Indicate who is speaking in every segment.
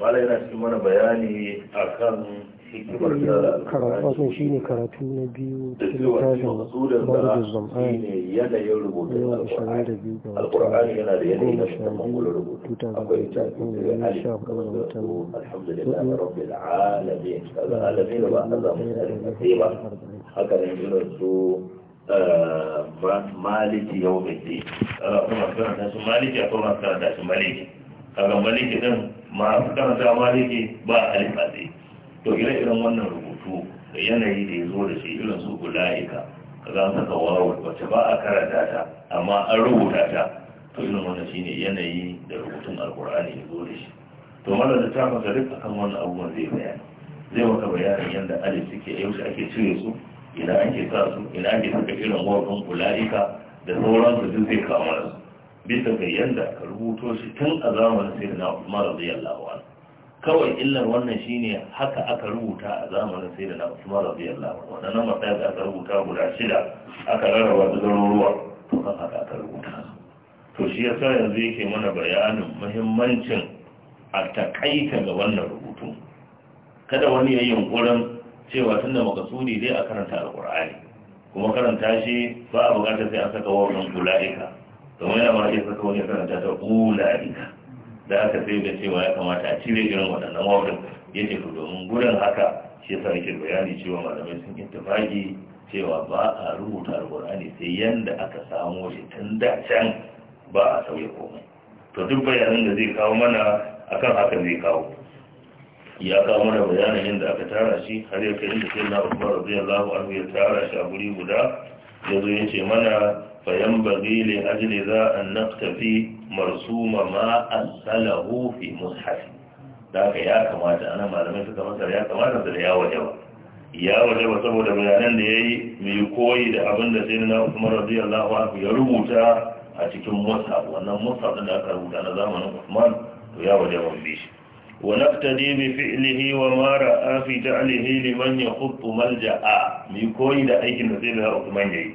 Speaker 1: mala yana cikin mana bayani akan hikimar da
Speaker 2: karatu shi ne karatu na biyu cikin barzuzum a yanayin rubutun alkur'ani yana da yanayi na shi kamar kula rubutu akwai ta alhamdulillah rabbil alamin alamin ba a zamu
Speaker 1: da ba haka ne irin su maliki yau mai ce ana kuma karanta su maliki a kuma karanta su maliki kaga maliki din masu karanta maliki ba alifa to ire irin wannan rubutu da yanayi da ya zo da shi irin su gula'ika ka an saka wawo wacce ba a karanta ta amma an rubuta ta to irin wannan shine yanayi da rubutun alkur'ani ya zo da shi to mana da ta fasa duk akan wannan abubuwan zai bayani zai maka bayanin yadda alif suke yaushe ake cire su ina ake sa su ina ake saka irin wawon gula'ika da sauransu duk zai kawo su bisa ga yadda aka rubuto shi tun a zamanin sai na Usman radiyallahu anhu kawai illar wannan shine haka aka rubuta a zamanin sai na Usman radiyallahu anhu Wannan matsayi da aka rubuta guda shida aka rarraba da garuruwa to kan haka aka rubuta to shi yasa yanzu yake mana bayanin muhimmancin a takaita ga wannan rubutu kada wani ya yunkurin cewa da makasudi dai a karanta alkur'ani kuma karanta shi ba a bukatar sai an saka wannan kula'ika domin yana ma iya saka wani karanta ta ina da aka sai da cewa ya kamata a cire irin waɗannan wawurin ya ce to domin gudun haka shi yasa yake bayani cewa malamai sun intifaki cewa ba a rubuta alƙur'ani sai yanda aka samo shi tun da can ba a sauya komai to duk bayanin da zai kawo mana akan haka zai kawo ya kawo mana bayanin yadda aka tara shi har ya kai inda sai na Umar radiyallahu anhu ya tara shi a guri guda yanzu ya ce mana fayan bagi le za a naktafi marsuma ma asalahu fi mushafi da aka ya kamata ana malamai suka masar ya kamata su da yawa yawa ya waje ba saboda bayanan da ya yi mai koyi da abin da sai na usman radiyallahu anhu ya rubuta a cikin musaf wannan musaf da aka rubuta na zamanin usman to ya mu bi shi ونقتدي بفعله وما رأى في جعله لمن يخط ملجأ mai koyi da aikin da zai da Usman yayi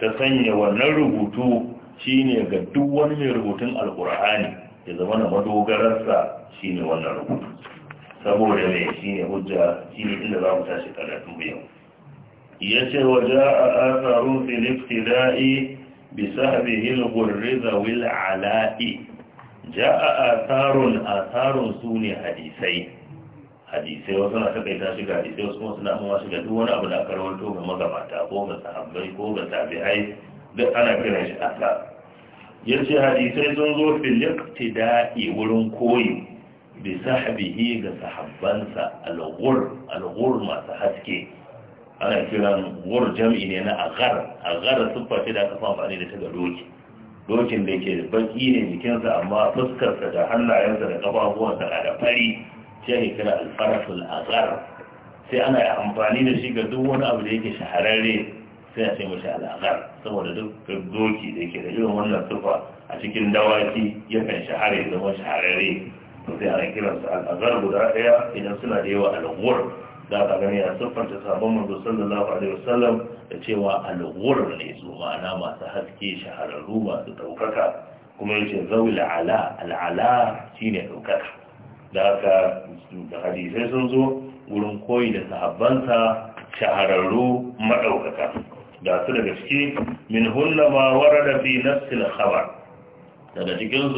Speaker 1: ta sanya wannan rubutu shine ga duk wani mai rubutun alkur'ani ya zama na madogararsa shine wannan rubutu saboda mai shine hujja inda za mu tashi karatu yau yace ala'i ja'a atharun atharun ne hadisai hadisai wasu na takaita shiga hadisai wasu kuma suna amma shiga duk wani abu da aka rawaito ga magabata ko ga sahabbai ko ga tabi'ai duk ana kiran shi asar yace hadisai sun zo fil iqtida'i wurin koyi bi sahbihi ga sahabbansa al-ghur al-ghur masu haske ana kiran ghur jam'i ne na aghar aghar siffa ce da aka ba amfani da ta ga doki dokin da ke baki ne jikinsa amma fuskarsa da hannayensa da ƙafafuwansa na da fari sai kira alfarasul azar sai ana amfani da shi ga duk wani abu da yake shahararre sai a ce mashi al'azar saboda duk doki da ke da irin wannan tufa a cikin dawaki yakan shahara ya zama shahararre to sai ana kiransa al'azar guda ɗaya idan suna da yawa al'uwar za ka gani a ta sabon manzo sallallahu alaihi wasallam da cewa al'urar ne su ma'ana masu haske shahararru masu ɗaukaka kuma yace zawil ala al'ala ne ɗaukaka da haka da hadisai sun zo wurin koyi da sahabbansa shahararru maɗaukaka da su daga ciki min hunna ma da fi nafsil khabar daga cikin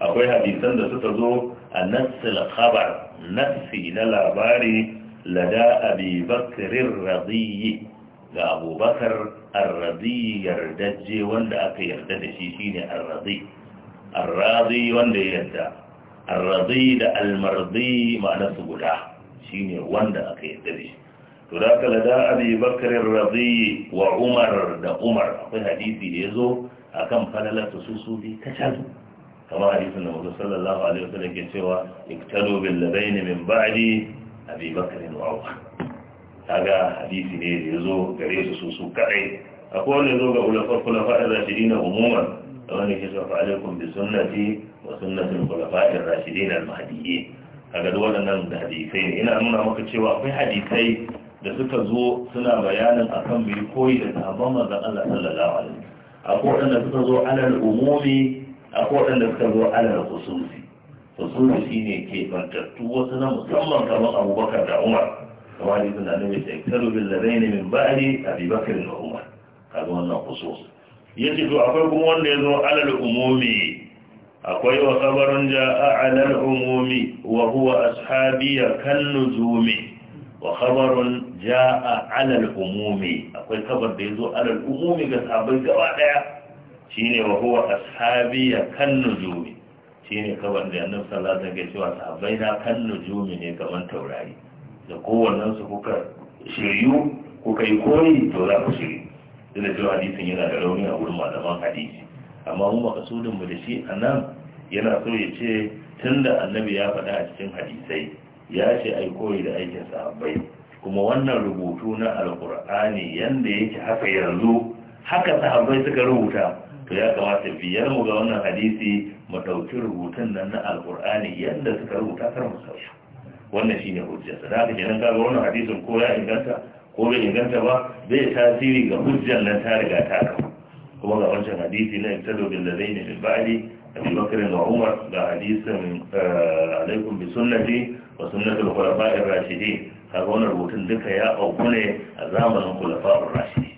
Speaker 1: akwai hadisan da suka zo a nafsil khabar nafsi na labari lada abi bakirin radiyyi ga abubakar arrazi yardajje wanda aka yarda da shi shine arrazi arrazi wanda ya yarda arrazi da almarzi ma'ana su guda shine wanda aka yarda da shi to da aka lada abi bakarin razi wa umar da umar akwai hadisi da ya zo a kan falalata su su bi kacal Kama hadisin da mutu sallallahu alaihi wasallam ke cewa iktalo bin labaini min Ba'adi, abi bakarin wa umar kaga hadisi ne da yazo gare su su su kadai akwai wanda yazo ga ulama khulafa ar-rashidin Da wani ke cewa fa alaikum bi sunnati wa sunnati khulafa ar-rashidin al-mahdiyyin kaga duk waɗannan da hadisi ne ina nuna maka cewa akwai hadisai da suka zo suna bayanin akan bai koyi da sahabban manzon Allah sallallahu alaihi wasallam akwai wanda suka zo alal umumi akwai wanda suka zo alal khususi khususi shine ke bantattu wasu na musamman kamar Abubakar da Umar kamar hadisin da annabi ta bin bil ladaini min ba'di abi bakr da umar kaga wannan khusus yace to akwai kuma wanda yazo alal umumi akwai wa khabarun ja'a alal umumi wa huwa ashabiya kan nujumi wa khabarun ja'a alal umumi akwai kabar da yazo alal umumi ga sabai gaba daya shine wa huwa ashabiya kan nujumi shine kabar da annabi sallallahu alaihi wasallam ya ce na kan nujumi ne kaman taurari da kowannen su kuka shiryu kuka yi koyi to za ku shiryu da cewa hadisin yana da rauni a wurin malaman hadisi amma mu kasudin mu da shi a nan yana so ya ce tunda annabi ya faɗa a cikin hadisai ya ce ai koyi da aikin sahabbai kuma wannan rubutu na alkur'ani yanda yake haka yanzu haka sahabbai suka rubuta to ya kamata biyar mu ga wannan hadisi mu ɗauki rubutun nan na alkur'ani yanda suka rubuta kar mu sauya wannan shine hujjarsa da haka kenan kaga wannan hadisin ko ya inganta ko bai inganta ba bai tasiri ga hujjar nan ta riga ta kama kuma ga wancan hadisi na ibtado bil ladaini min ba'di abi bakr wa umar ga hadisin eh, alaikum bi sunnati wa sunnati al khulafa'i rashidin kaga wannan rubutun duka ya aukune ne a zamanin khulafa'ur rashidin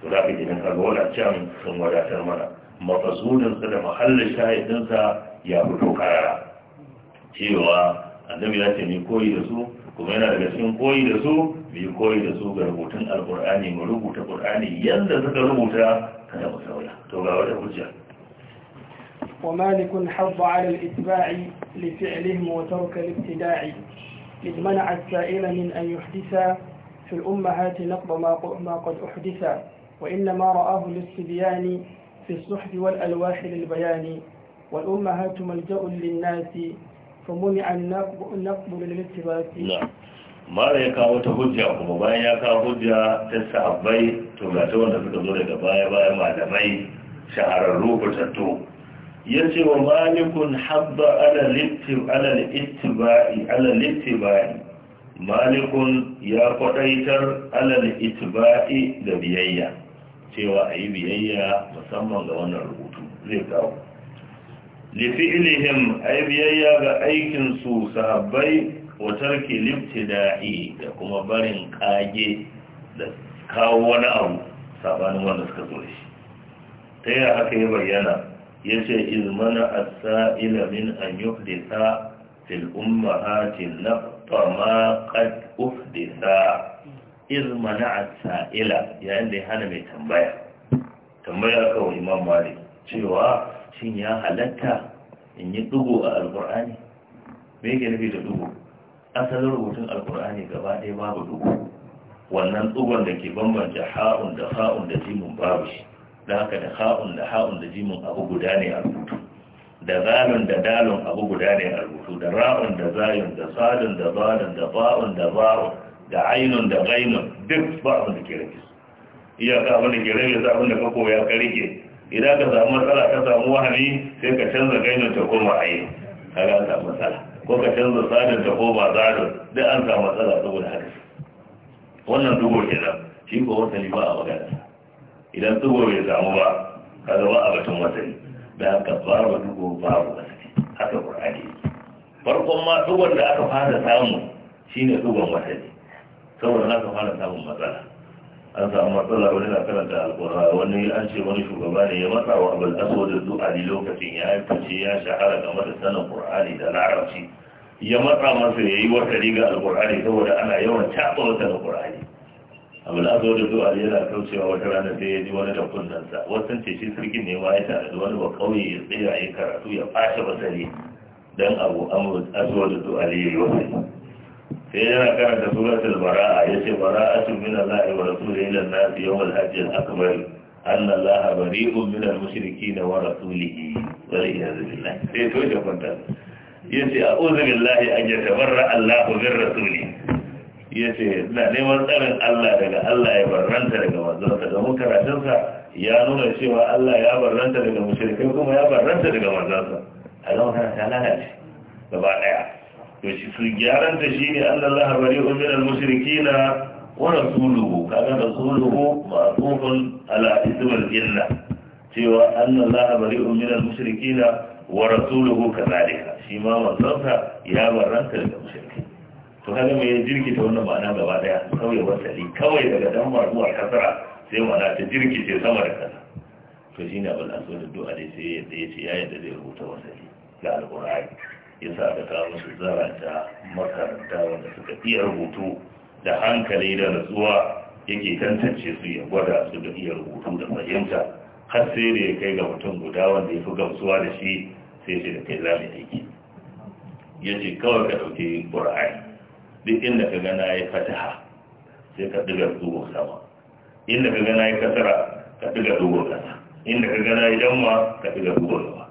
Speaker 1: to da kake nan kaga wannan can sun wadatar mana mafasudin sa da mahallin shahidin sa ya fito karara cewa annabi ya ce mai koyi da su kuma yana daga cikin koyi da su mai koyi da su ga rubutun alkur'ani mu rubuta qur'ani yadda suka rubuta kada mu sauya to ga wata hujja
Speaker 3: ومالك حض على الإتباع لفعلهم وترك الابتداع إذ منع السائل من أن يحدث في الأمهات نقض ما قد أحدث وإنما رآه للصبيان في الصحف والألواح للبيان والأمهات ملجأ للناس فمنع
Speaker 1: mara ya kawo ta hujja kuma bayan ya kawo hujja ta sahabbai to ga ta wanda suka zo daga baya baya malamai shahararru fitattu ya ce wa malikun habba ala littiba'i ala littiba'i malikun ya kwadaitar ala littiba'i da biyayya cewa a yi biyayya musamman ga wannan rubutu zai kawo lifi'ilihim ai biyayya ga aikin su sahabbai wa tarki libtida'i da kuma barin kage da kawo wani abu sabanin wanda suka zo shi ta yi haka ya bayyana ya ce izmana asa'ila min an yuhdisa fil ummahati naqta ma qad uhdisa izmana asa'ila yayin da ya hana mai tambaya tambaya kawai imam malik cewa shin ya halatta in yi dugo a alkur'ani me yake nufi da dugo asalin rubutun alkur'ani gaba ɗaya babu dugo wannan dugon da ke bambanta ha'un da ha'un da jimin babu shi da haka da ha'un da ha'un da jimin abu guda ne a rubutu da zalun da dalun abu guda ne a rubutu da ra'un da zayun da sadun da zalun da ba'un da ba'un da ainun da gainun duk ba'un da ke rage iyaka abin da ke rage abin da ka ya ka idan ka samu matsala ka samu wahani sai ka canza gainin ta koma ayi a ga samu matsala ko ka canza sadin ta koma zadin duk an samu matsala saboda haka wannan dubo kenan shi ko wata ba a magana idan dubo bai samu ba ka zama a batun wasali da haka fara dubo babu wasali haka qur'ani farkon ma dubon da aka fara samu shine dubon wasali saboda na ka fara samun matsala an samu matsala wani na karanta alkur'ani wani an ce wani shugaba ne ya matsa wa abul aswad lokacin ya yi fice ya shahara game da sanin kur'ani da larabci ya matsa masa ya yi wata riga alkur'ani saboda ana yawan taba wata alkur'ani abul aswad az yana kaucewa wata rana sai ya ji wani da kunnansa wasu ce shi sarkin ne ma ya tare da wani wa kauye ya tsaya ya karatu ya fashe basari Don abu amur aswad az-zu'ali ya yi wasai sai yana karanta suratul bara'a yace bara'atun min Allah wa rasulihi ila an-nas yawm al-hajj al-akbar anna Allah bari'un min al-mushrikeen wa rasulihi wa iyad billah sai to da kwanta yace a'udhu billahi an yatabarra Allah min rasuli yace na neman tsarin Allah daga Allah ya barranta daga manzonsa domin sa ya nuna cewa Allah ya barranta daga mushrikai kuma ya barranta daga manzonsa a zama karanta lalace gaba daya to shi su gyaran ta ne annal laha bari'un min al-mushrikeena wa rasuluhu kaga rasuluhu ma'tufun ala ismil illa cewa annal laha bari'un min al-mushrikeena wa rasuluhu kadhalika shi ma manzonsa ya barranta daga mushrikai to kaga mai ta wannan ma'ana gaba daya kawai wasali kawai daga dan zuwa kasara sai ma'ana ta jirkice sama da kasa to shine abul aswad du'a dai sai ya ce ya yadda zai rubuta wasali ga alqur'ani Ya sa aka kawo su zarata makaranta wanda suka iya rubutu da hankali da nutsuwa yake tantance su ya gwada su da iya rubutu da fahimta har sai da ya kai ga mutum guda wanda ya fi gamsuwa da shi sai shi da kai zami aiki ya ce kawai ka ɗauke ƙura'ai duk inda ka gana ya fataha sai ka ɗiga zuwa sama inda ka gana ya kasara ka ɗiga dubu kasa. inda ka gana ya damma ka ɗiga dubu sama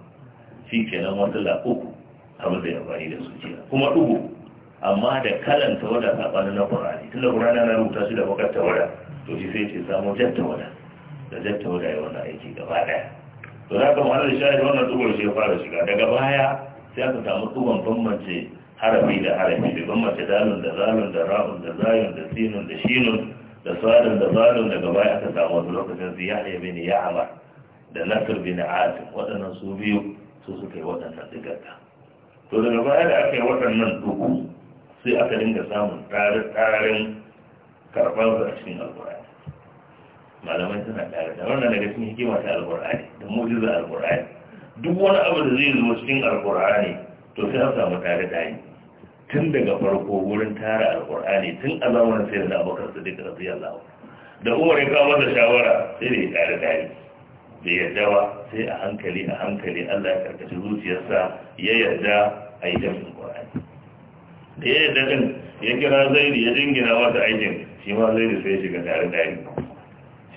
Speaker 1: shi kenan wasu la'uku abin da ya amfani da su kenan kuma dubu amma da kalan tawada sabanin na Qur'ani tunda Qur'ani na rubuta shi da bakar wada to shi sai ce samu jatta wada da jatta wada ya wannan aiki gaba ɗaya. to za ka mu'allar shahid wannan dubu shi ya fara shiga daga baya sai aka samu duban bambance harafi da harafi da bambance dalun da zalun da ra'un da zayun da sinun da shinun da sadun da zalun daga baya aka samu wasu lokacin su yahya bin ya'mar da nasir bin asim waɗannan su biyu su suka yi waɗannan digarta to daga baya da aka yi waɗannan duku sai aka dinga samun ƙarin karɓar a cikin alƙur'ani malamai suna ƙara da wannan daga cikin hikima ta alƙur'ani da mujiza alƙur'ani duk wani abu da zai zo cikin alƙur'ani to sai an samu tare da yi tun daga farko wurin tara alƙur'ani tun a zamanin sai da abokan su duka rasu yallawa da umar ya kawo da shawara sai da ya tare da yi da yarda sai a hankali a hankali Allah ya karkace zuciyarsa ya yadda a yi jam'in ƙwararri da ya yadda ɗin ya kira zairi ya jingina wata aikin shi ma zairi sai shiga tare da yi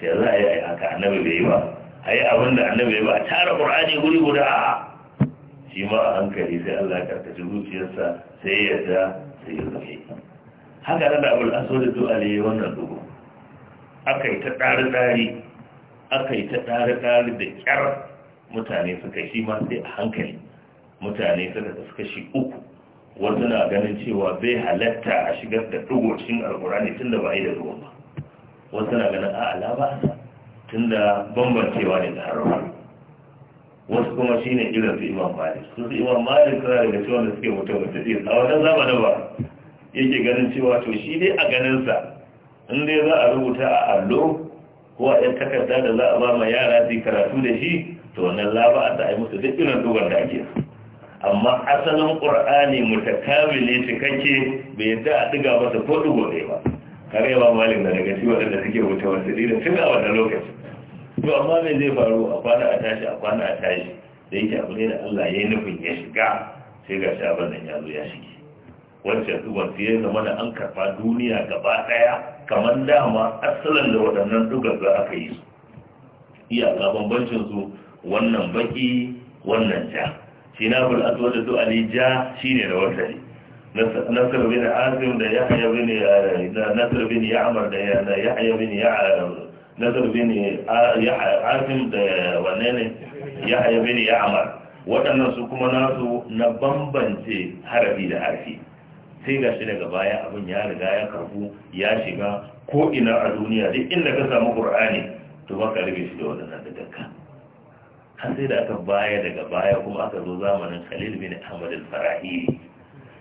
Speaker 1: sai za a yi haka annabi bai yi ba a yi abin da annabi ya ba a tara Qur'ani guri guda shi ma a hankali sai Allah ya karkace zuciyarsa sai ya yadda sai ya zafi haka da abul aswad du'a ne wannan dubu akai ta tsari tsari aka yi ta ɗari-ɗari da ƙyar mutane suka shi ma sai a hankali mutane suka suka shi uku wasu na ganin cewa bai halatta a shigar da ɗugocin alkurani tun da ba yi da ruwan ba wasu na ganin a alaba tun da bambancewa ne da haruwa wasu kuma shi ne irin su imam malik su su imam malik suna daga cewa da suke mutum da tafiya a wajen zamanin ba yake ganin cewa to shi dai a ganinsa in dai za a rubuta a allo ko a ɗan takarda da za a ba ma yara su karatu da shi to wannan laba a yi musu duk irin dogon da ake amma asalin ƙur'ani shi cikakke bai yadda a ɗiga masa ko dogon ɗaya ba kare ba malin da daga ciwo waɗanda suke wuce wasu ɗin tun a wannan lokaci to amma me zai faru a kwana a tashi a kwana a tashi da yake abu ne da Allah ya yi nufin ya shiga sai ga shi abin nan ya zo ya shige wancan duban sai ya zama da an karfa duniya gaba ɗaya kamar dama asalin da waɗannan dugar za aka yi su iyaka bambancin su wannan baki wannan ja shi na bul aswad da du'ali ja shine da wasali nasr bin azim da yahya bin eh, nasr bin ya'mar da yahya bin nasr bin eh, azim da wannan ne yahya bin ya'mar waɗannan su kuma nasu na bambance harafi da harfi sai ga shi daga baya abin ya riga ya karbu ya shiga ko ina a duniya duk inda ka samu qur'ani to ba ka rage shi da wannan dukkan har sai da aka baya daga baya kuma aka zo zamanin Khalil bin Ahmad al-Farahili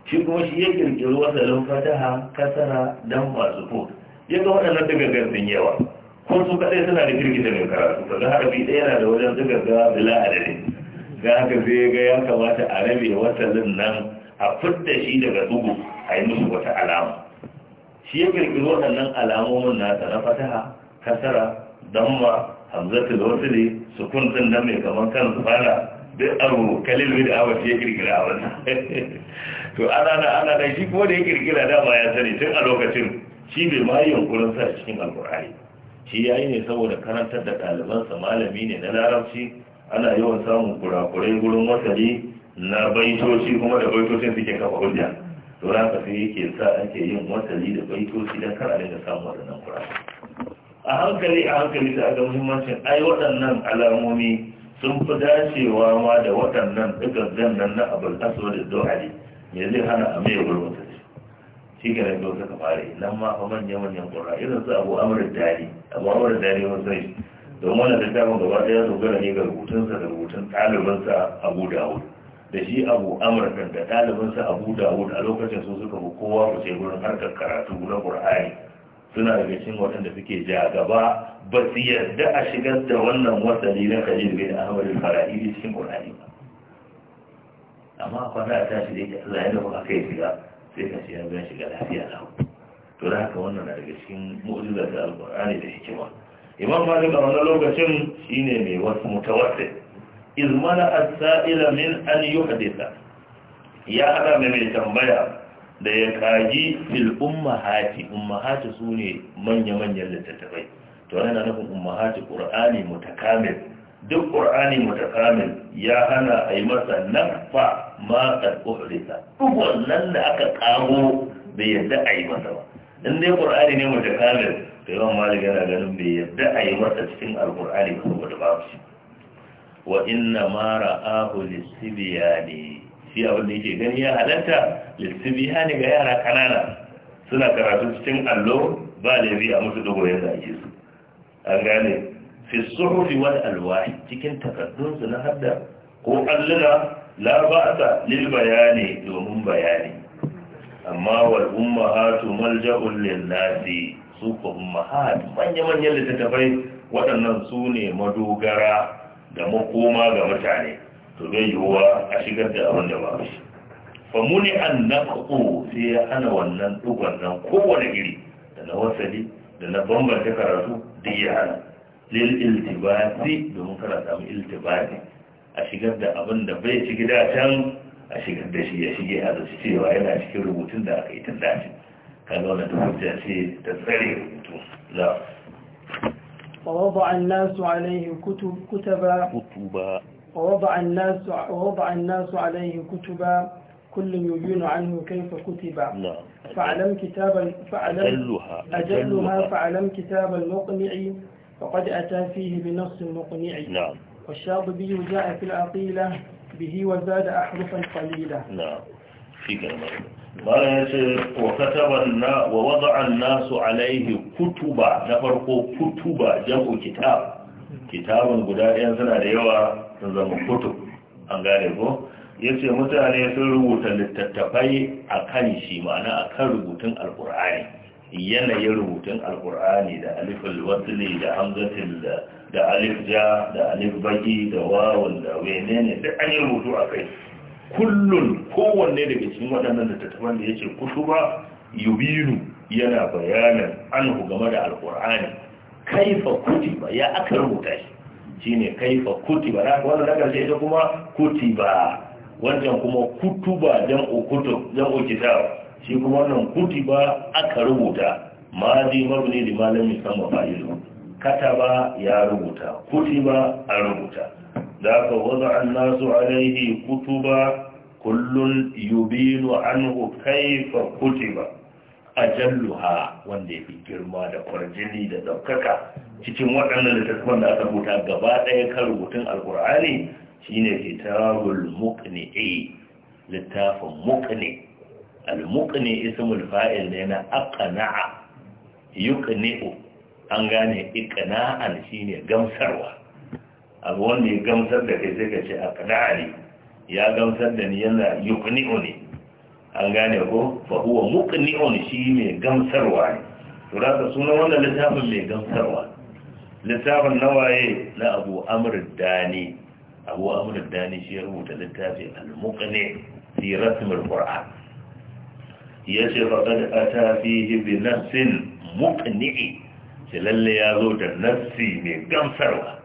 Speaker 1: shi kuma shi ya kirkiri wasalin fataha kasara dan masu ko ya ga waɗannan dagagar sun yawa ko su kaɗai suna da kirkita mai karatu kaga harbi ɗaya yana da wajen ga bila adadin ga haka zai ga ya kamata a rabe wasalin nan a fadda shi daga dugu a yi musu wata alama shi ya ƙirƙiri waɗannan alamomin nasa na fataha kasara damma hamzatu da wasu ne sukun din nan mai kamar kan zubana duk abu kalil da awa shi ya ƙirƙira a wannan to ana na ana na shi kuma da ya da dama ya sani tun a lokacin shi bai ma yi yunkurin sa cikin alƙur'ani shi ya yi ne saboda karantar da ɗalibansa malami ne na larabci ana yawan samun kurakurai gurin wasali na baitoci kuma da baitocin suke kafa hujja to za ka fi yake sa ake yin watanni da baitoci don kar a dinga samu wadannan kura a hankali a hankali da ga muhimmancin ai waɗannan alamomi sun fi dacewa ma da waɗannan dukkan nan na abul aswad ad-duhali me zai hana a mai gurbin sa shi ga nan ka fare nan ma fa manyan manyan kura irin su abu amr dali abu amr dali sai domin wannan littafin gaba ɗaya dogara ne ga rubutunsa da rubutun ɗalibinsa abu dawud da shi abu Amurka da ɗalibinsa abu dawud a lokacin su suka fi kowa ku ce gurin harkar karatu na ƙur'ani suna daga cikin waɗanda suke ja gaba ba su yarda a shigar da wannan wasanni na kajin bin ahmad da cikin ƙur'ani ba amma kwana a tashi da yake allah ya dafa kai shiga sai ka shiga bayan zan shiga lafiya na to da haka wannan na daga cikin mu'ujizar da alƙur'ani da hikima imam malik a wani lokacin shine mai wasu mutawassit izmana asa'ila min an yuhdisa ya haɗa mai mai tambaya da ya kaji fil ummahati su ne manya-manyan littattafai to yana nufin ummahati qur'ani mutakamil duk qur'ani mutakamil ya hana a yi masa nafa ma qad duk wannan da aka kago bai yadda a yi masa ba in dai ƙur'ani ne mutakamil to yawan malik yana ganin bai yadda a yi masa cikin alqur'ani ba saboda babu shi wa inna ma ra'ahu lisibiyani shi a da yake gani ya halatta ne ga yara kanana suna karatu cikin allo ba laifi a musu dogo ya ake su an gane fi suhufi wal alwahi cikin takardunsu na hadda ko alluna la ba'sa lil bayani domin bayani amma wal ummahatu malja'un lin nasi su ko ummahat manya manyan littattafai waɗannan su ne madogara da makoma ga mutane to bai yiwuwa a shigar da abin da ba shi fa muni an naqu sai ya hana wannan dugon nan kowane iri da na wasali da na bambanta karatu da ya hana lil iltibasi domin kana samu iltibati a shigar da abin da bai ci gida can a shigar da shi ya shige a zaci cewa yana cikin rubutun da aka yi tallafi kaga wannan ta tsare rubutu za
Speaker 3: ووضع الناس عليه كتب كتبا كتبا ووضع الناس ووضع الناس عليه كتبا كل يبين عنه كيف كتب نعم فعلم كتاب فعلم أجلها أجلها فعلم كتاب المقنع فقد أتى فيه بنص المقنع نعم والشاطبي جاء في العقيلة به وزاد أحرفا قليلة
Speaker 1: نعم shi kenan bayan ya ce wa kataban na wa wada'an nasu alaihi kutuba na farko kutuba jam'u kitab kitabun guda ɗaya suna da yawa sun zama kutub an gane ko ya ce mutane sun rubuta littattafai a kan shi ma'ana a kan rubutun Alƙur'ani. yanayin rubutun alkur'ani da alifin wasili da hamzatin da alif ja da alif baki da wawon da wene ne duk an yi rubutu a kai kullun kowanne daga cikin waɗannan littattafan da yake kutuba yubinu yana bayanan anhu game da alkur'ani kaifa ba ya aka rubuta shi ne kaifa kuti na wannan na sai ita kuma ba wancan kuma kutuba dan okuto dan shi kuma wannan ba aka rubuta mazi mabni da malamin sama fa'ilu kataba ya rubuta kutiba a rubuta ذاك وضع الناس عليه كتبا كل يبين عنه كيف كتب ajalluha wanda ya fi girma da kwarjini da ɗaukaka cikin waɗannan littattafan da aka rubuta gabaɗaya kan rubutun alkur'ani shine kitabul muqni'i littafin al-muqni ismul fa'il ne na aqna'a yuqni'u an gane iqna'an shine gamsarwa abu wanda ya gamsar da kai sai ka ce a kadari ya gamsar da ni yana ne an gane ko fa huwa ne shi mai gamsarwa ne to da sunan wanda littafin mai gamsarwa littafin nawaye na Abu Amr Dani Abu Amr Dani shi ya rubuta littafi al-muqni fi rasm al-Qur'an yace qad ata fihi bi nafsin muqni'i lalle ya zo da nafsi mai gamsarwa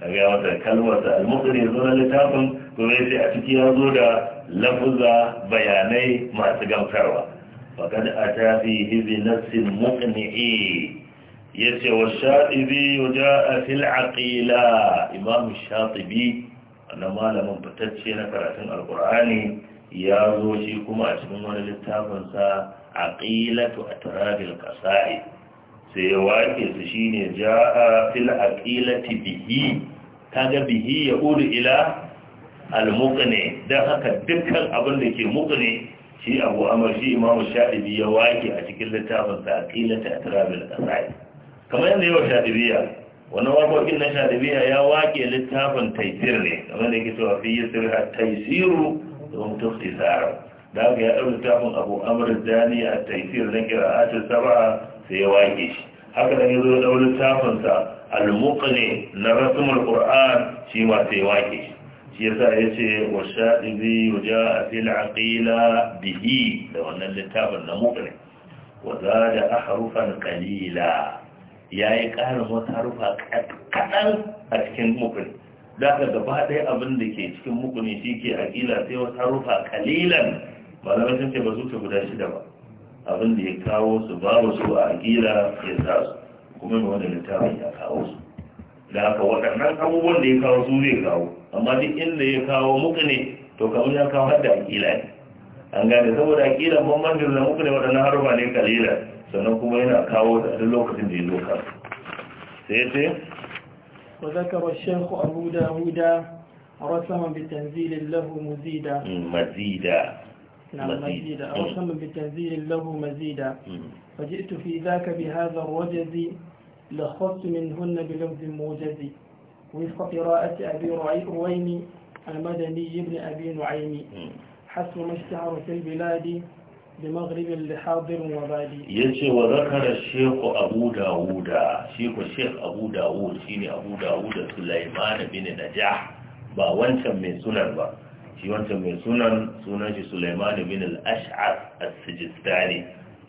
Speaker 1: daga wata kalmar da al-muqri zuwa littafin kuma yace a ciki ya zo da lafuza bayanai masu gamsarwa faqad ata fi hizi nafsin muqni'i yace wa shatibi yuja'a fil aqila imam shatibi na malamin fitacce na karatun alqur'ani ya zo shi kuma a cikin wani littafin sa aqilatu atrabil qasaid sai ya wake su shine ja'a a aqilati bihi ta ga bihi ya udu ila al muqni dan haka dukkan abin da ke muqni shi Abu Amr shi Imamu Shafi'i ya wake a cikin littafin sa a turabin asai kamar yanda yau Shafi'i wani waƙoƙin na sharibiya ya wake littafin taisir ne kamar da ke cewa fiye sirri a taisiru don tufti tsara da aka ya ɗaura littafin abu amur zani a taisir na kira a cikin saba sai ya wake shi haka da ya zo ɗaurin tafinsa al-muqni na rasmul qur'an shi ma sai wake shi yasa yace wa sha'ibi waja'a fil aqila bihi da wannan littafin na muqni wa zada kalila ya yi ƙarin wata harufa kaɗan a cikin muqni ka gaba ɗaya abin da ke cikin shi ke aƙila sai wata harufa qalilan malamai sun ce ba su guda shida ba abin da ya kawo su babu su a aƙira ya sa su kuma mai wanda littafin ya kawo su da haka waɗannan abubuwan da ya kawo su zai kawo amma duk inda ya kawo muka ne to kamar ya kawo hadda aƙila ne an gane saboda aƙila bambancin da muka ne waɗannan harufa ne kalila sannan kuma yana kawo da duk lokacin da ya zo kan sai ce
Speaker 3: وذكر الشيخ أبو داود رسما بتنزيل له مزيدا مزيدا
Speaker 1: نعم مزيدا أوصم
Speaker 3: بتنزيل له مزيدا فجئت في ذاك بهذا الرجز لخصت منهن بلفظ موجز وفق قراءة أبي رويني المدني بن أبي نعيم حسب ما اشتهر في البلاد بمغرب لحاضر وبادي يجي
Speaker 1: وذكر الشيخ أبو داود شيخ الشيخ أبو داود شيني أبو داود سليمان بن نجاح با وانشا من سنن با shi wancan mai sunan sunan shi Sulaiman bin al ashar as-Sijistani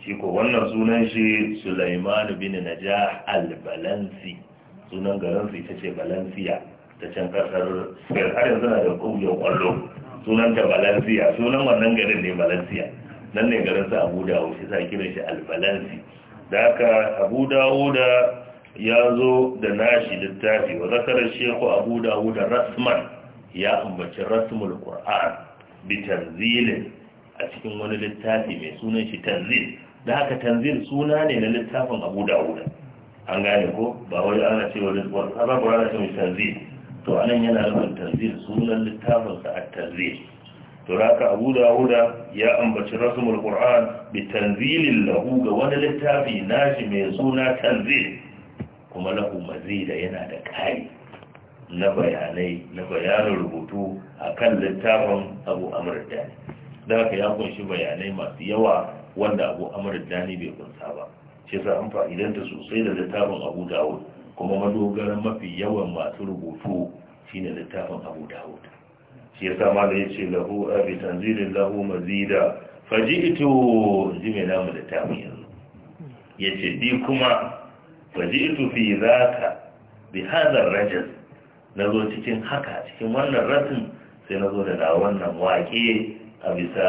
Speaker 1: shi ko wannan sunan shi Sulaiman bin Najah al-Balansi sunan garin su ita ce Balansiya ta can kasar Spain har yanzu na da kungiyar kwallo sunan ta Balansiya sunan wannan garin ne Balansiya nan ne garin sa Abu Dawud shi sa kiran shi al-Balansi da aka Abu Dawud ya zo da nashi littafi wa zakara Sheikh Abu Dawud rasman ya ambaci rasmul qur'an bi tanzilin a cikin wani littafi mai sunan shi tanzil da haka tanzil suna ne na littafin abu dawuda an gane ko ba wai ana ce wani ba ba ana ce mai tanzil to anan yana nufin tanzil sunan littafin sa at-tanzil to haka abu dawuda ya ambaci rasmul qur'an bi tanzilin lahu ga wani littafi nashi mai suna tanzil kuma lahu mazida yana da kai na bayanai na bayanin rubutu a kan littafin abu amurin dani da haka ya kunshi bayanai masu yawa wanda abu amurin dani bai kunsa ba shi sa an fa'idanta sosai da littafin abu dawud kuma madogaran mafi yawan masu rubutu shine littafin abu dawud shi ya ma da yace lahu abi tanzilin lahu mazida faji'tu ji mai namu littafin yanzu Ya ce bi kuma faji'tu fi za ka bi hazar rajas na zo cikin haka cikin wannan rasin sai na zo da na wannan waƙe a bisa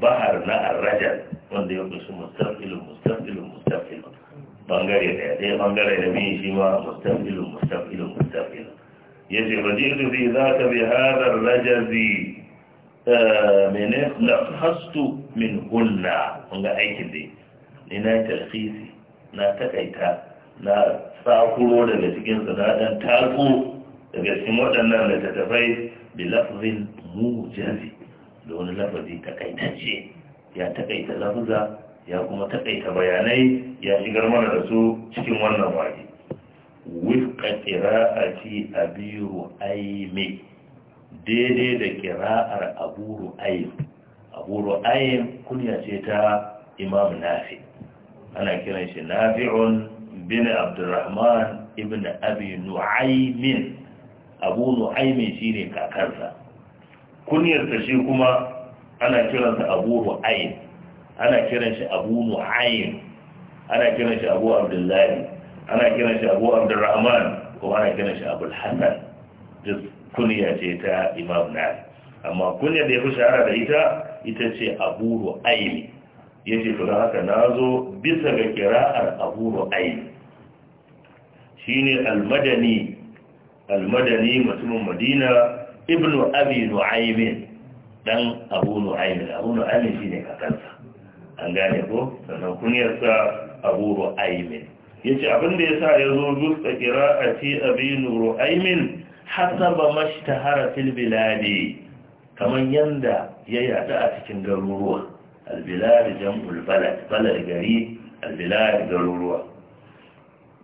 Speaker 1: bahar na arrajar wanda ya kusa mustafilu mustafilu mustafilu bangare ɗaya ɗaya bangare da biyu shi ma mustafilu mustafilu mustafilun ya ce ba jirgin zai za ka bi harar rajazi eh, mene na hastu min hunna kun ga aikin dai ni na tarfisi na takaita na tsakuro daga cikin na ɗan tako daga cikin waɗannan tafai bi lafazin mujazi da wani lafazi takaitacce ya takaita lafuza ya kuma takaita bayanai ya shigar mana da su cikin wannan waje wifka a biyu Aime, daidai da qira'ar Aburu ru'aym Aburu ru'aym kunya ce ta imam nafi ana kiran shi nafi'un bin abdurrahman ibn abi nu'aymin abu shi ne kakansa kunyarsa shi kuma ana kiransa abu ru'ayn ana kiran shi abu nu'aym ana kiran shi abu abdullahi ana kiran shi abu abdurrahman kuma ana kiran shi abu hasan duk kunya ce ta imam na amma kunya da ya fi shahara da ita ita ce abu ru'ayn ya ce to haka na zo bisa ga kira'ar abu Shi ne almadani Almadani madani mutumin madina ibnu abi nu'aymin dan abu nu'aymin shine kakansa an gane ko sannan kunyarsa abu nu'aymin yace abin da yasa yazo gusta qira'ati abi nu'aymin hasaba mashtahara fil biladi kaman yadda ya yada a cikin garuruwa al-bilad jam'ul balad balad gari al garuruwa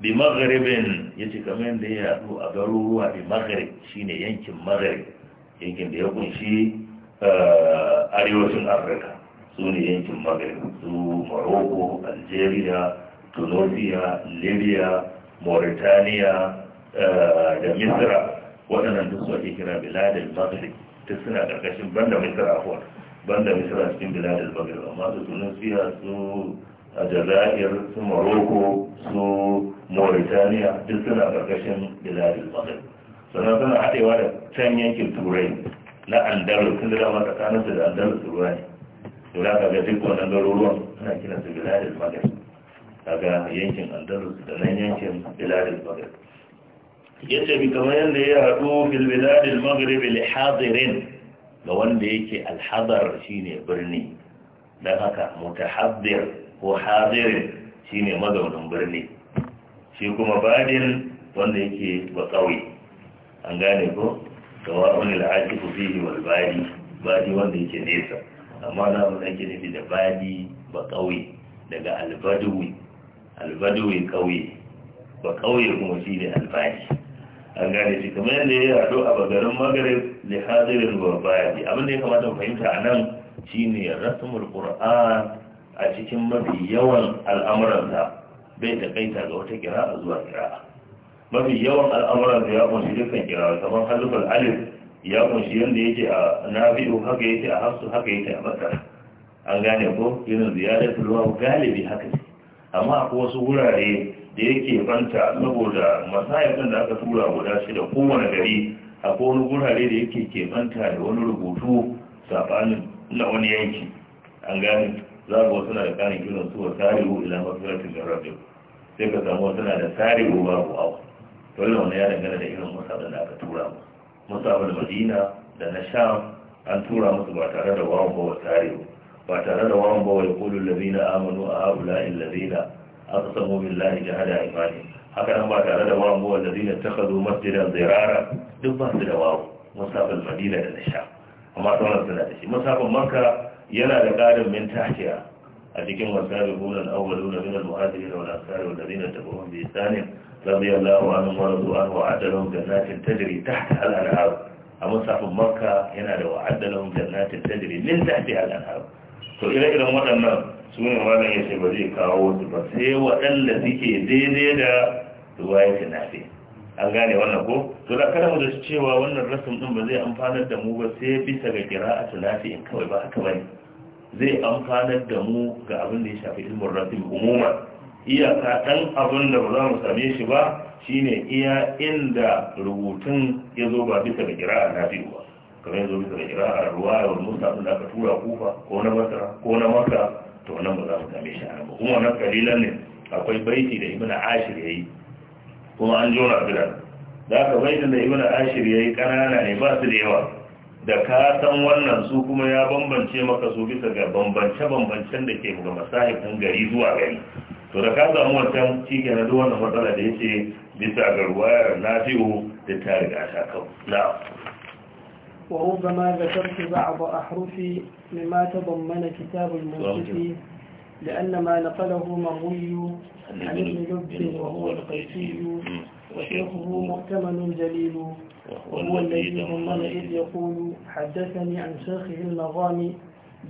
Speaker 1: bi magharibin ya ce kamar yadda ya yadu a garuruwa bi magharib shine yankin magharib yankin da ya kunshi eh, arewacin afirka su ne yankin magharib su morocco algeria tunisia libya mauritania eh, da misra waɗannan duk suke kira biladin magharib duk suna ƙarƙashin banda misra afuwa banda misra cikin biladin magharib amma su tunisia su a jazair su morocco su mauritania duk suna ƙarƙashin biladul maghrib sannan suna haɗewa da can yankin turai na andalus sun dama tsakanin su da andalus ruwa ne to da ka ga duk wannan garuruwan suna kiran su biladul maghrib kaga yankin andalus da nan yankin biladul maghrib yace bi kamar yadda ya haɗu fil biladul maghrib li hadirin ga wanda yake alhadar shine birni dan haka mutahaddir ko hadirin shine mazaunin birni shi kuma badin wanda yake ba kauye an gane ko la'aji ku fi wal badi badi wanda yake nesa amma na mun yake nufi da badi ba kauye daga albadwi albadwi kauye ba kauye kuma ne albadi an gane shi kamar yadda ya yaɗo a bagarin magarib da hadirin ba badi abin da ya kamata mu fahimta a nan shine rasmul qur'an a cikin mafi yawan al'amuransa bai kaita ga wata kira a zuwa kira. mafi yawan al'amuransa ya kunshi dukkan kira kamar halifar alif ya kunshi yadda yake a nafi'u haka yake a hafsu haka yake a masar an gane ko irin ziyarar ruwa galibi haka ce amma akwai wasu wurare da yake banta saboda masayakan da aka tura guda shida kowane gari akwai wani wurare da yake ke banta da wani rubutu saɓanin na wani yanki an gane za ga wasu na da ƙarin kiran su wa sari'u ila mafiratin min rabbikum sai ka samu wasu na da sari'u babu awa to wannan wani ya dangana da irin musabin da aka tura mu musabin madina da na sham an tura musu ba tare da wawan bawa sari'u ba tare da wawan bawa ya kulu lazina amanu a abu haula in lazina aka samu billahi jahada imani haka nan ba tare da wawan bawa lazina ta kazo masjidan zirara duk ba su da wawo musabin madina da na sham amma sauran suna da shi musabin makka yana da ƙarin min tashiya a cikin wasabi gunan awwalu na minal muhajiri da wani asari wanda zina ta buhun bi sani radiyallahu anhu wa radu anhu wa adalahum jannatin tajri tahta al-anhar a musafin makka yana da wa adalahum jannatin tajiri min tahtiha al-anhar to ire-iren waɗannan su ne wannan ya ce ba zai kawo su ba sai waɗanda suke daidai da ruwa ruwayatun nafi an gane wannan ko to da kada mu da cewa wannan rasul din ba zai amfanar da mu ba sai bisa ga qira'atu nafi in kawai ba haka bane zai amfanar da mu ga abin da ya shafi ilmin rasul umuma iyaka ɗan abin da ba za mu same shi ba shine iya inda rubutun ya zo ba bisa da kira'a na biyu ba kamar ya zo bisa da kira'a ruwa a wani musa da aka tura kufa ko na masara ko na maka to wannan ba za mu same shi a ba kuma wannan kalilan ne akwai baiti da ibnu ashir yayi kuma an jona bidan da ka baitin da ibnu ashir yayi kanana ne ba su da yawa da ka san wannan su kuma ya bambance maka su bisa ga bambance-bambancen da ke ga masahifin gari zuwa gari to da ka samu wancan cike na duk wannan matsala da yake bisa ga ruwayar nafi'u da ta riga ta kau na a
Speaker 3: ذكرت بعض أحرفي مما تضمن كتاب المنصفي لأن ما نقله مروي عن ابن لب وهو القيسي
Speaker 2: وشيخه
Speaker 3: مؤتمن جليل وهو الذي ضمن إذ يقول حدثني عن شيخه النظام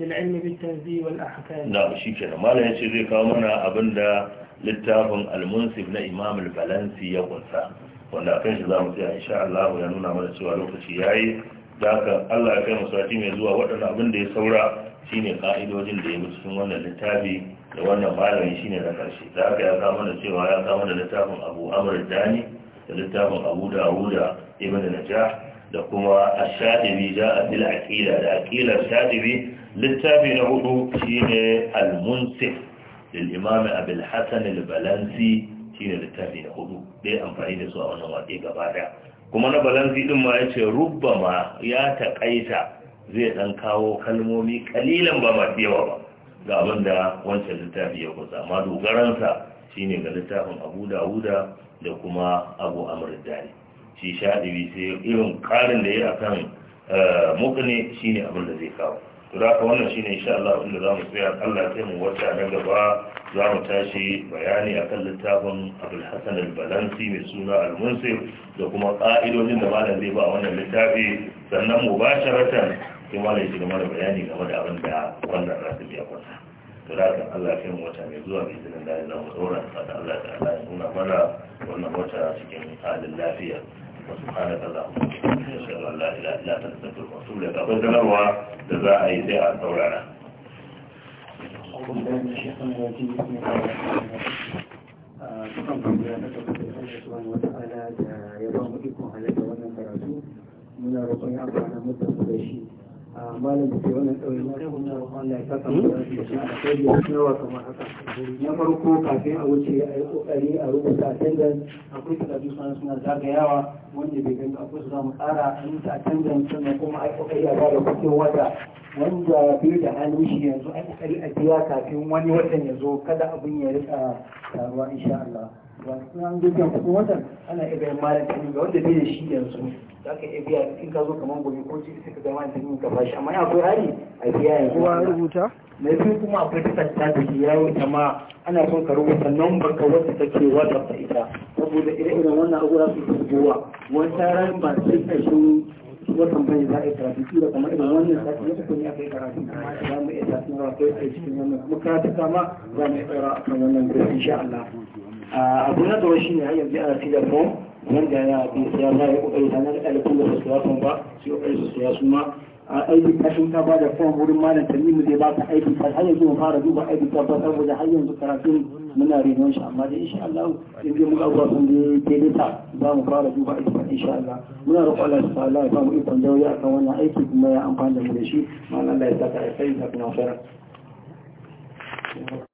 Speaker 3: للعلم بالتنزيه والأحكام نعم شيخنا
Speaker 1: ما لا يشري كامنا أبندا littafin almunsif na imamil al ya kunsa wanda kan shi za mu tsaya insha Allah ya nuna mana cewa lokaci yayi daga Allah ya kai mu sati mai zuwa waɗannan abin da ya saura shine ka'idojin da ya bi wannan littafi da wannan malami shine na karshe da aka ya samu da cewa ya kama da littafin abu amur dani da littafin abu da ibn najah da kuma Ashadibi da Abil aqila da aqila Ashadibi, littafi na hudu shine al-munsif lil imam abul hasan al-balansi shine littafi na hudu dai amfani da su a wannan waƙe gaba daya kuma na balansi din ma yace rubbama ya taƙaita zai dan kawo kalmomi kalilan ba masu yawa ba ga abin da wancan littafi ya kusa amma dogaransa shine ga littafin abu dawuda da kuma abu amurdani shi shaɗibi sai irin karin da ya akan eh, mukne shine abin da zai kawo to da ka wannan shine insha Allah inda zamu mu tsaya Allah sai mu wata na gaba za mu tashi bayani akan littafin abu Hassan al-Balansi mai suna al munsir da kuma ƙa'idodin da malam zai ba wannan littafi sannan mu mubasharatan sai malai shiga mana bayani game da abin da wannan rasu ya kwasa to da kan Allah kai wata mai zuwa bi izinin da za mu tsora da Allah ta Allah ya nuna mana wannan wata cikin halin lafiya wa subhanaka Allahumma wa bihamdika ashhadu an la ilaha illa anta astaghfiruka wa atubu ilaik akwai sanarwa da za a yi sai a saurara
Speaker 2: Dukan tambaya na tabbatar da Allah wata ala da ya ba mu ikon halatta wannan karatu muna roƙon ya amfana mutum da shi malam da ke wannan ɗaurin Allah ya saka da da kamar haka na farko kafin a wuce a yi kokari a rubuta attendance akwai takardu sana suna zagayawa wanda bai gani akwai su za tsara a rubuta attendance kuma a yi kokari a bada wata wanda bai da hannun shi yanzu a yi kokari a biya kafin wani watan ya zo kada abin ya rika taruwa insha Allah ba an dukkan kuɗin watan ana iya bayan malam tani ga wanda bai da shi yanzu za ka iya biya in ka zo kamar gobe ko ce suka ga da tani ka bashi amma akwai hari a biya yanzu kuma rubuta na biyu kuma akwai takarda da ke yawo ita ma ana son ka rubuta nambar ka wacce take wata ita saboda ire-iren wannan abubuwa su fi zuwa wani taron ba sai ƙarshen watan bai za a yi karatu kila kamar irin wannan sati na uku aka yi karatu za mu iya sati na rafi a cikin wannan kuma karatu kama za mu iya tsara a kan wannan gudu insha Allah abu na gaba shine har yanzu ana tida fom wanda ya bi sai ya zai kokari sanar da ɗalibin da su ya fom ba su kokari su ya su a aiki kashin ta ba da fom wurin malam tamimu zai baka aiki ta har yanzu mu fara duba aiki ta ba saboda har yanzu karatun muna renon shi amma da insha Allah in dai muka zuwa sun dai ta za mu fara duba aiki ta insha Allah muna roƙon Allah subhanahu wa ta'ala ya samu ikon jawabi akan wannan aiki kuma ya amfana da shi malam Allah ya saka ya sai da kuma